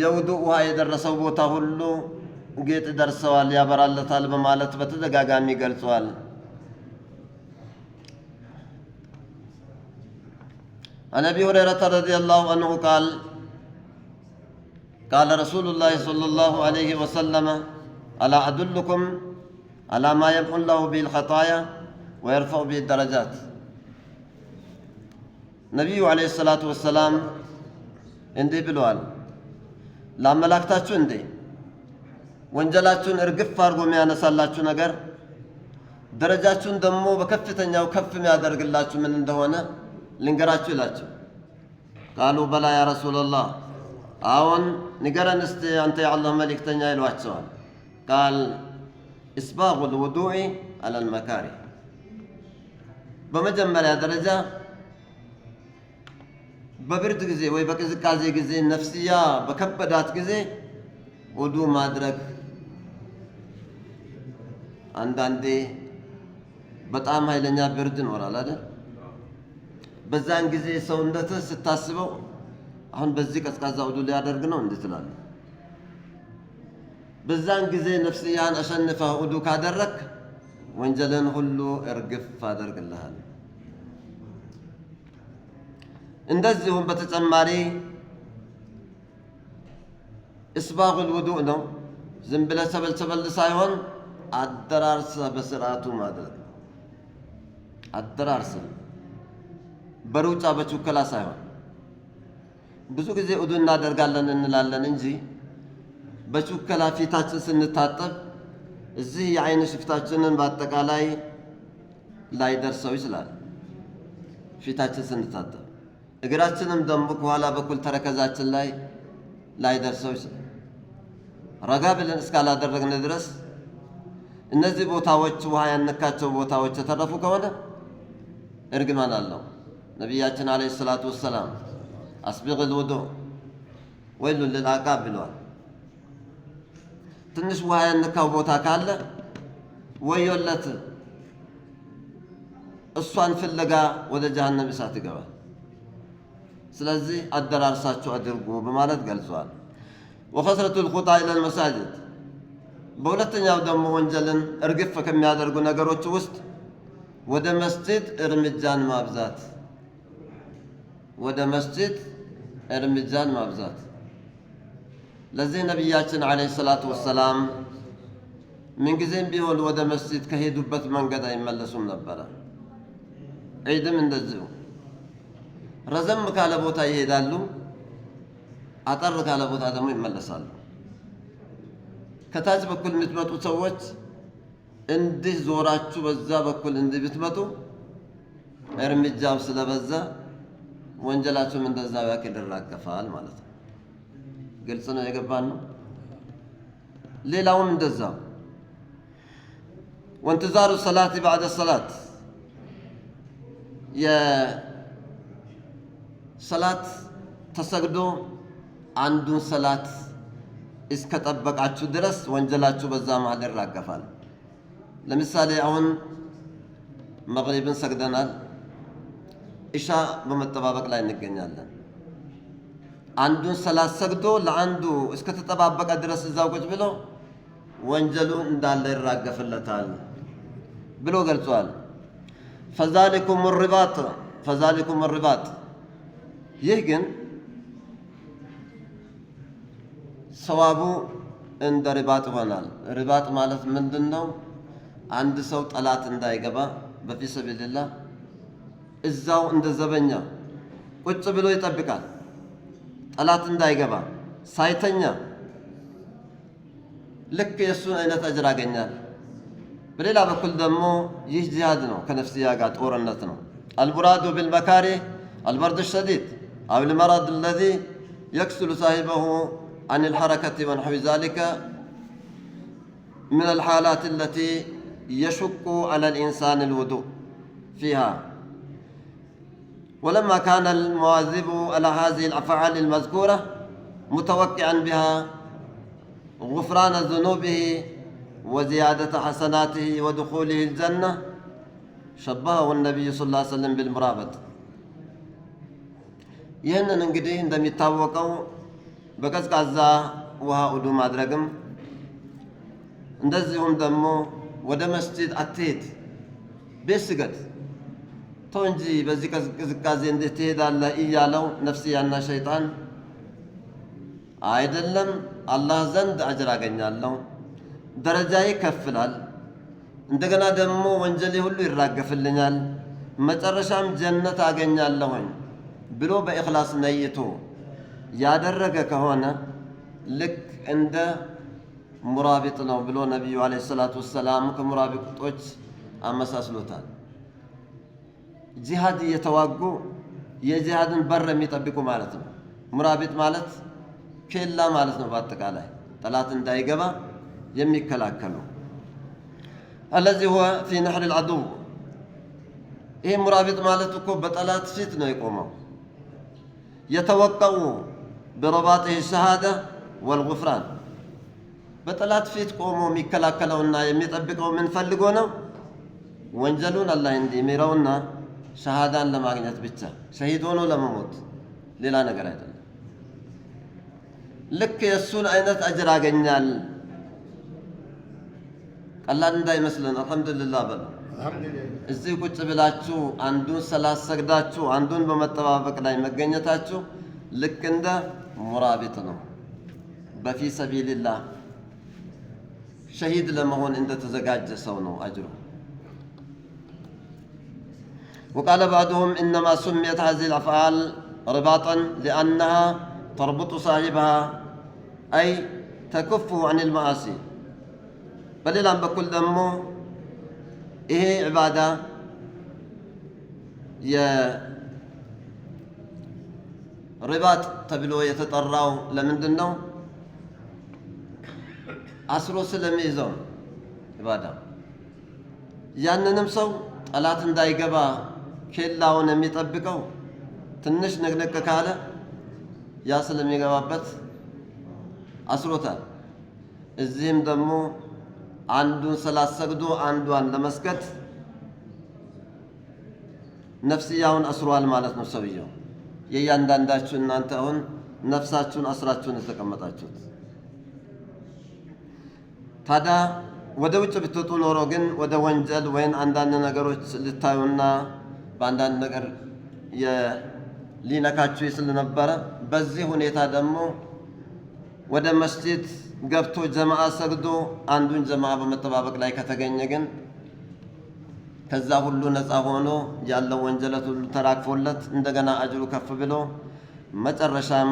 የውዱ ውሃ የደረሰው ቦታ ሁሉ ጌጥ ደርሰዋል፣ ያበራለታል በማለት በተደጋጋሚ ገልጸዋል። عن ابي هريره رضي الله عنه قال قال رسول الله صلى الله عليه وسلم الا ادلكم على ما يمحو الله به الخطايا ويرفع به الدرجات ነቢዩ ዓለይሂ ሰላቱ ወሰላም እንዲህ ብለዋል ላመላክታችሁ እንዴ? ወንጀላችሁን እርግፍ አድርጎ የሚያነሳላችሁ ነገር ደረጃችሁን ደግሞ በከፍተኛው ከፍ የሚያደርግላችሁ ምን እንደሆነ ልንገራችሁ ይላቸው። ቃሉ በላ ያ ረሱላላህ፣ አሁን ንገረን እስቲ አንተ የአላህ መልእክተኛ ይሏቸዋል። ቃል ኢስባጉል ውዱዕ አለል በመጀመሪያ ደረጃ በብርድ ጊዜ ወይ በቅዝቃዜ ጊዜ ነፍስያ በከበዳት ጊዜ ውዱ ማድረግ አንዳንዴ በጣም ኃይለኛ ብርድ ይኖራል አይደል? በዛን ጊዜ ሰውነትህ ስታስበው አሁን በዚህ ቀዝቃዛ ውዱ ሊያደርግ ነው እንዴ ትላለህ። በዛን ጊዜ ነፍስያን አሸንፈህ ውዱ ካደረግ ወንጀልን ሁሉ እርግፍ አደርግልሃል። እንደዚሁም በተጨማሪ እስባጉል ውዱእ ነው። ዝም ብለህ ሰበል ሰበል ሳይሆን አደራርሰ በስርዓቱ ማድረግ አደራርሰ በሩጫ በቹከላ ሳይሆን ብዙ ጊዜ ውዱ እናደርጋለን እንላለን እንጂ በቹከላ ፊታችን ስንታጠብ እዚህ የአይን ሽፍታችንን በአጠቃላይ ላይደርሰው ይችላል ፊታችን ስንታጠብ እግራችንም ደግሞ ከኋላ በኩል ተረከዛችን ላይ ላይደርሰው ይችላል። ረጋ ብለን እስካላደረግን ድረስ እነዚህ ቦታዎች ውሃ ያነካቸው ቦታዎች የተረፉ ከሆነ እርግማን አለው። ነቢያችን አለ ሰላቱ ወሰላም አስቢቅ ልውዱእ ወይሉን ልልአቃብ ብለዋል። ትንሽ ውሃ ያነካው ቦታ ካለ ወዮለት፣ እሷን ፍለጋ ወደ ጀሃነም እሳት ይገባል። ስለዚህ አደራርሳችሁ አድርጉ በማለት ገልጿል። ወከስረቱ ልቁጣ ኢለል መሳጅድ በሁለተኛው ደግሞ ወንጀልን እርግፍ ከሚያደርጉ ነገሮች ውስጥ ወደ መስጅድ እርምጃን ማብዛት ወደ መስጅድ እርምጃን ማብዛት። ለዚህ ነቢያችን ዓለይሂ ሰላቱ ወሰላም ምንጊዜም ቢሆን ወደ መስጅድ ከሄዱበት መንገድ አይመለሱም ነበረ። ዒድም እንደዚሁ ረዘም ካለ ቦታ ይሄዳሉ፣ አጠር ካለ ቦታ ደግሞ ይመለሳሉ። ከታች በኩል የምትመጡ ሰዎች እንዲህ ዞራችሁ በዛ በኩል እንዲህ ብትመጡ እርምጃው ስለበዛ ወንጀላችሁም እንደዛው ያክል ይራገፋል ማለት ነው። ግልጽ ነው፣ የገባን ነው። ሌላውም እንደዛው ወንትዛሩ ሰላት ባዕደ ሰላት ሰላት ተሰግዶ አንዱን ሰላት እስከጠበቃችሁ ድረስ ወንጀላችሁ በዛ መሃል ይራገፋል። ለምሳሌ አሁን መግሪብን ሰግደናል፣ እሻ በመጠባበቅ ላይ እንገኛለን። አንዱን ሰላት ሰግዶ ለአንዱ እስከተጠባበቀ ድረስ እዛው ቁጭ ብሎ ወንጀሉ እንዳለ ይራገፍለታል ብሎ ገልጿል። ፈዛሊኩም ሪባጥ ፈዛሊኩም ሪባጥ ይህ ግን ሰዋቡ እንደ ርባጥ ይሆናል። ርባጥ ማለት ምንድን ነው? አንድ ሰው ጠላት እንዳይገባ በፊሰቢልላህ እዛው እንደ ዘበኛ ቁጭ ብሎ ይጠብቃል። ጠላት እንዳይገባ ሳይተኛ ልክ የእሱን አይነት አጅር አገኛል። በሌላ በኩል ደግሞ ይህ ጂሃድ ነው፣ ከነፍስያ ጋር ጦርነት ነው። አልቡራዱ ቢልመካሪ አልበርዱ ሸዲድ أو المرض الذي يكسل صاحبه عن الحركة ونحو ذلك من الحالات التي يشك على الإنسان الوضوء فيها ولما كان المواذب على هذه الأفعال المذكورة متوقعا بها غفران ذنوبه وزيادة حسناته ودخوله الجنة شبهه النبي صلى الله عليه وسلم بالمرابط ይህንን እንግዲህ እንደሚታወቀው በቀዝቃዛ ውሃ ውዱ ማድረግም እንደዚሁም ደግሞ ወደ መስጂድ አትሄድ፣ ቤት ስገድ ተው እንጂ በዚህ ቅዝቃዜ እንዴት ትሄዳለህ እያለው ነፍስያና ሸይጣን አይደለም አላህ ዘንድ አጅር አገኛለሁ፣ ደረጃ ይከፍላል፣ እንደገና ደግሞ ወንጀሌ ሁሉ ይራገፍልኛል፣ መጨረሻም ጀነት አገኛለሁኝ ብሎ በእኽላስ ነይቶ ያደረገ ከሆነ ልክ እንደ ሙራቢጥ ነው ብሎ ነቢዩ ዓለይሂ ሰላቱ ወሰላም ከሙራቢጦች አመሳስሎታል። ጂሃድ እየተዋጉ የጂሃድን በር የሚጠብቁ ማለት ነው። ሙራቢጥ ማለት ኬላ ማለት ነው። በአጠቃላይ ጠላት እንዳይገባ የሚከላከሉ አለዚ ሁወ ፊ ነሕሪ ልዓዱው። ይህ ሙራቢጥ ማለት እኮ በጠላት ፊት ነው የቆመው የተወቀው ብረባጢህ ሸሃደ ወልጉፍራን በጠላት ፊት ቆሞ የሚከላከለውና የሚጠብቀው ምን ፈልጎ ነው? ወንጀሉን አላህ እንዲምረውና ሸሃዳን ለማግኘት ብቻ ሸሂድ ሆኖ ለመሞት ሌላ ነገር አይደለም። ልክ የእሱን አይነት አጅር አገኛል። ቀላል እንዳይመስለን። አልሐምዱልላህ በላ እዚህ ቁጭ ብላችሁ አንዱን ስላሰግዳችሁ አንዱን በመጠባበቅ ላይ መገኘታችሁ ልክ እንደ ሙራቢጥ ነው። በፊ ሰቢልላህ ሸሂድ ለመሆን እንደተዘጋጀ ሰው ነው አጅሩ። ወቃለ ባዕዱሁም እነማ ሱሚየት ሀዚል አፍዓል ርባጠን ሊአነሃ ተርቡጡ ሳሂብሃ አይ ተኩፍሁ አን ልመዓሲ። በሌላም በኩል ደግሞ ይሄ ዕባዳ የሪባጥ ተብሎ የተጠራው ለምንድን ነው? አስሮ ስለሚይዘው ዕባዳ ያንንም ሰው ጠላት እንዳይገባ ኬላውን የሚጠብቀው ትንሽ ንቅንቅ ካለ ያ ስለሚገባበት አስሮታል። እዚህም ደግሞ አንዱን ሰላት ሰግዶ አንዷን ለመስገድ ነፍስያውን አስሯል ማለት ነው ሰውየው። የእያንዳንዳችሁ እናንተ አሁን ነፍሳችሁን አስራችሁን የተቀመጣችሁት። ታዲያ ወደ ውጭ ብትወጡ ኖሮ ግን ወደ ወንጀል ወይም አንዳንድ ነገሮች ልታዩና በአንዳንድ ነገር ሊነካችሁ ስለነበረ በዚህ ሁኔታ ደግሞ ወደ መስጂድ ገብቶ ጀማዓ ሰግዶ አንዱን ጀማዓ በመጠባበቅ ላይ ከተገኘ ግን ከዛ ሁሉ ነፃ ሆኖ ያለው ወንጀለት ሁሉ ተራክፎለት እንደገና አጅሩ ከፍ ብሎ መጨረሻም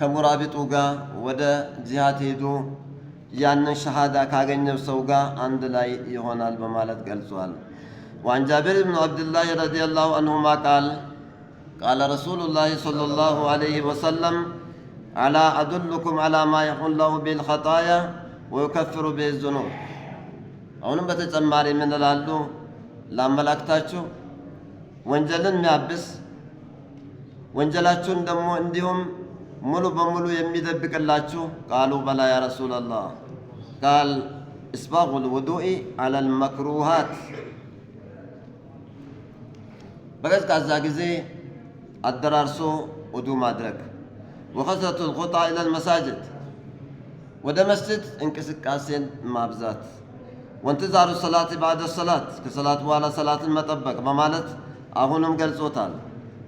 ከሙራቢጡ ጋር ወደ ጂሃድ ሄዶ ያንን ሸሃዳ ካገኘው ሰው ጋር አንድ ላይ ይሆናል በማለት ገልጿል። وعن جابر بن عبد الله رضي الله عنهما قال قال رسول الله صلى الله عليه وسلم ألا أدلكم على ما يحل له بالخطايا ወይከፍሩ ቤዝ ዙኑብ አሁንም በተጨማሪ ምን እላሉ ላመላክታችሁ ወንጀልን የሚያብስ ወንጀላችሁን ደግሞ እንዲሁም ሙሉ በሙሉ የሚደብቅላችሁ ቃሉ በላ ያ ረሱላላህ ቃል እስባቁ ልውዱኢ አላ ልመክሩሃት በቀዝቃዛ ጊዜ አደራርሶ ውዱ ማድረግ ወከስረቱል ኹጣ ኢለል መሳጅድ ወደ መስጅድ እንቅስቃሴን ማብዛት ወንትዛሩ ሰላት ባዕደ ሰላት ከሰላት በኋላ ሰላትን መጠበቅ በማለት አሁንም ገልጾታል።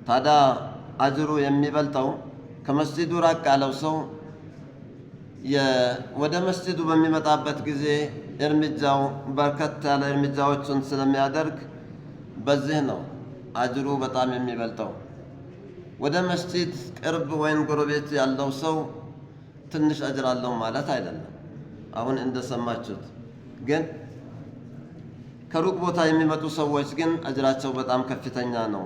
ታዲያ አጅሩ የሚበልጠው ከመስጅዱ ራቅ ያለው ሰው ወደ መስጂዱ በሚመጣበት ጊዜ እርምጃው በርከት ያለ እርምጃዎችን ስለሚያደርግ በዚህ ነው አጅሩ በጣም የሚበልጠው። ወደ መስጂድ ቅርብ ወይም ጎረቤት ያለው ሰው ትንሽ አጅር አለው ማለት አይደለም። አሁን እንደሰማችሁት ግን ከሩቅ ቦታ የሚመጡ ሰዎች ግን አጅራቸው በጣም ከፍተኛ ነው።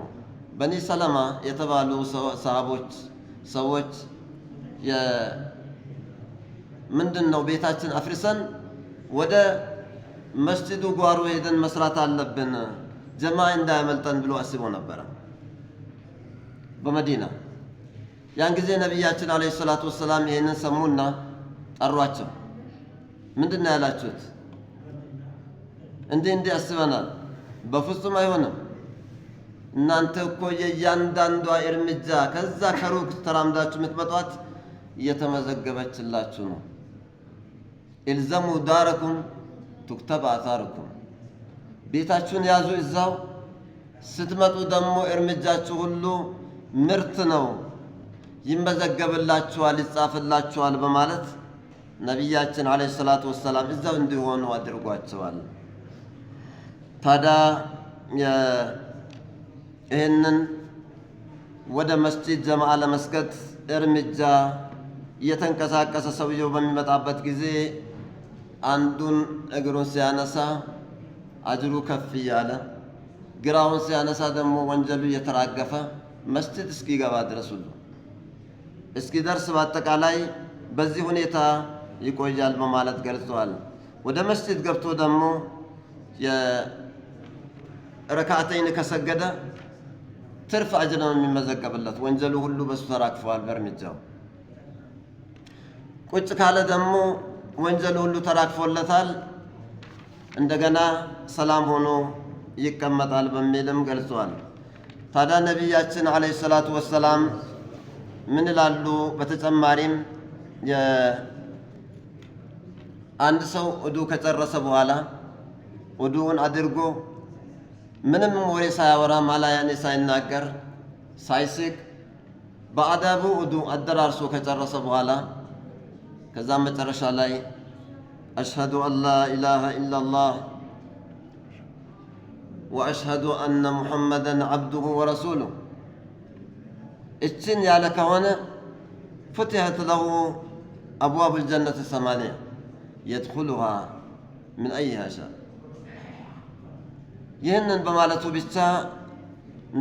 በኒ ሰለማ የተባሉ ሰሃቦች ሰዎች ምንድን ነው ቤታችን አፍርሰን ወደ መስጂዱ ጓሮ ሄደን መስራት አለብን ጀማ እንዳያመልጠን ብሎ አስቦ ነበረ። በመዲና ያን ጊዜ ነቢያችን አለ ሰላቱ ወሰላም ይህንን ሰሙና ጠሯቸው። ምንድን ነው ያላችሁት? እንዲህ እንዲህ አስበናል። በፍጹም አይሆንም። እናንተ እኮ የእያንዳንዷ እርምጃ ከዛ ከሩቅ ተራምዳችሁ የምትመጧት እየተመዘገበችላችሁ ነው። ኢልዘሙ ዳረኩም ቱክተብ አታርኩም። ቤታችሁን ያዙ፣ እዛው ስትመጡ ደግሞ እርምጃችሁ ሁሉ ምርት ነው፣ ይመዘገብላችኋል፣ ይጻፍላችኋል በማለት ነቢያችን ዓለይሂ ሰላቱ ወሰላም እዛው እንዲሆኑ አድርጓቸዋል። ታዲያ ይህንን ወደ መስጂድ ጀማዓ ለመስገድ እርምጃ እየተንቀሳቀሰ ሰውየው በሚመጣበት ጊዜ አንዱን እግሩን ሲያነሳ አጅሩ ከፍ እያለ ግራውን ሲያነሳ ደግሞ ወንጀሉ እየተራገፈ መስጅድ እስኪገባ ድረስ ሁሉ እስኪደርስ በአጠቃላይ በዚህ ሁኔታ ይቆያል በማለት ገልጸዋል። ወደ መስጅድ ገብቶ ደግሞ ረካዓተይን ከሰገደ ትርፍ አጅር ነው የሚመዘገብለት። ወንጀሉ ሁሉ በሱ ተራክፈዋል በእርምጃው። ቁጭ ካለ ደግሞ ወንጀሉ ሁሉ ተራክፎለታል። እንደገና ሰላም ሆኖ ይቀመጣል በሚልም ገልጸዋል። ታዲያ ነቢያችን ዓለይሂ ሰላቱ ወሰላም ምን ይላሉ? በተጨማሪም አንድ ሰው ውዱ ከጨረሰ በኋላ ውዱውን አድርጎ ምንም ወሬ ሳያወራ ማላያኔ ሳይናገር ሳይስቅ በአዳቡ ውዱ አደራርሶ ከጨረሰ በኋላ ከዛም መጨረሻ ላይ አሽሀዱ አን ላ ኢላሃ ኢላላህ ወአሽሀዱ አነ ሙሐመደን ዐብዱሁ ወረሱሉሁ እችን ያለ ከሆነ ፉትሐት ለሁ አብዋብ ልጀነት ሰማንያ የድኹሉሃ ምን አይ ሻ ይህንን በማለቱ ብቻ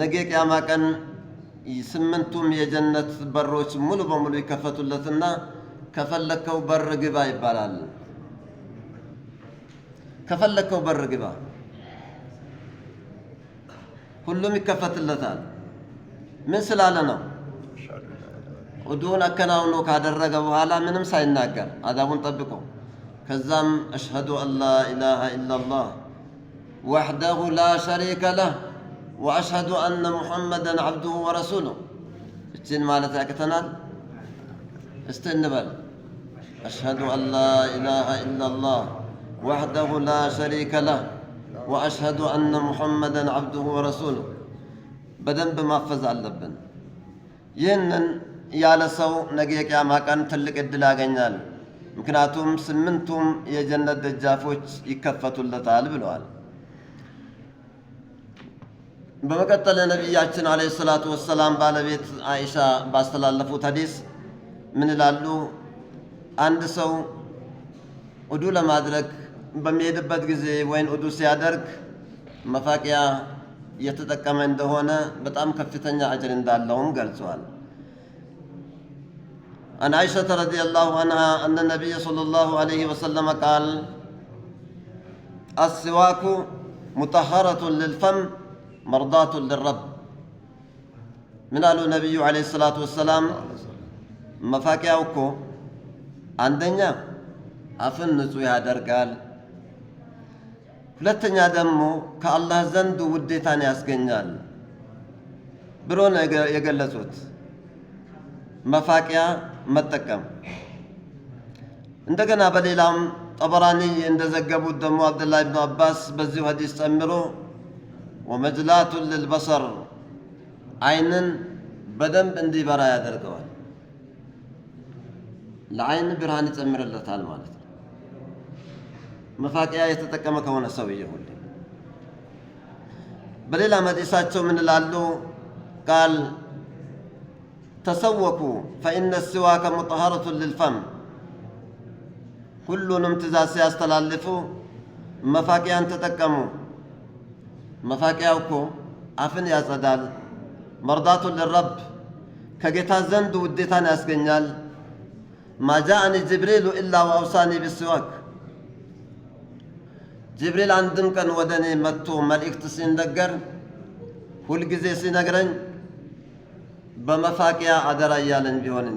ነገ ቅያማ ቀን ስምንቱም የጀነት በሮች ሙሉ በሙሉ ይከፈቱለትና ከፈለከው በር ግባ ይባላል። ከፈለከው በር ግባ ሁሉም ይከፈትለታል። ምን ስላለ ነው? ኡዱን አከናውኖ ካደረገ በኋላ ምንም ሳይናገር አዛቡን ጠብቆ ከዛም አሽሀዱ አን ላ ኢላሃ ኢላላህ ወሕደሁ ላ ሸሪከ ለህ ወአሽሀዱ አነ ሙሐመደን ዓብዱሁ ወረሱሉሁ እችን ማለት ያቅተናል። እስቲ እንበል አሽሀዱ አን ላ ኢላሃ ኢላላህ ወሕደሁ ላ ሸሪከ ለህ ወአሽሀዱ አነ ሙሐመደን አብዱሁ ወረሱሉሁ በደንብ ማፈዝ አለብን። ይህንን ያለ ሰው ነገ የቅያማ ቀን ትልቅ ዕድል ያገኛል። ምክንያቱም ስምንቱም የጀነት ደጃፎች ይከፈቱለታል ብለዋል። በመቀጠል ነቢያችን ዓለይሂ ሰላቱ ወሰላም ባለቤት አኢሻ ባስተላለፉት ሀዲስ ምን ይላሉ? አንድ ሰው ውዱ ለማድረግ በሚሄድበት ጊዜ ወይን ኡዱ ሲያደርግ መፋቂያ የተጠቀመ እንደሆነ በጣም ከፍተኛ አጅር እንዳለውም ገልጿል። አን አይሸተ ረዲየላሁ አንሃ አነ ነቢይ ሰለላሁ አለይሂ ወሰለመ ቃል አስዋኩ ሙጠሀረቱን ልልፈም መርዳቱን ልረብ ምን አሉ ነቢዩ አለይሂ ሰላቱ ወሰላም መፋቂያው እኮ አንደኛ አፍን ንጹህ ያደርጋል። ሁለተኛ ደግሞ ከአላህ ዘንድ ውዴታን ያስገኛል ብሎ ነው የገለጹት። መፋቂያ መጠቀም እንደገና በሌላም ጠበራኒ እንደዘገቡት ደግሞ አብዱላህ ብኑ አባስ በዚሁ ሀዲስ ጨምሮ ወመጅላቱ ልልበሰር አይንን በደንብ እንዲበራ ያደርገዋል። ለአይን ብርሃን ይጨምርለታል ማለት መፋቂያ የተጠቀመ ከሆነ ሰውዬው ሁሌ። በሌላ መጤሳቸው ምን ይላሉ? ቃል ተሰወኩ ፈኢነ ሲዋከ ሙጠሀረቱን ልልፈም። ሁሉንም ትእዛዝ ሲያስተላልፉ መፋቂያን ተጠቀሙ። መፋቂያው እኮ አፍን ያጸዳል። መርዳቱን ልረብ ከጌታ ዘንድ ውዴታን ያስገኛል። ማጃአኒ ጅብሪሉ ኢላ ወአውሳኒ ብስዋክ ጅብሪል አንድም ቀን ወደ እኔ መጥቶ መልእክት ሲነገር ሁልጊዜ ሲነግረኝ በመፋቂያ አደራ እያለኝ ቢሆን እንጂ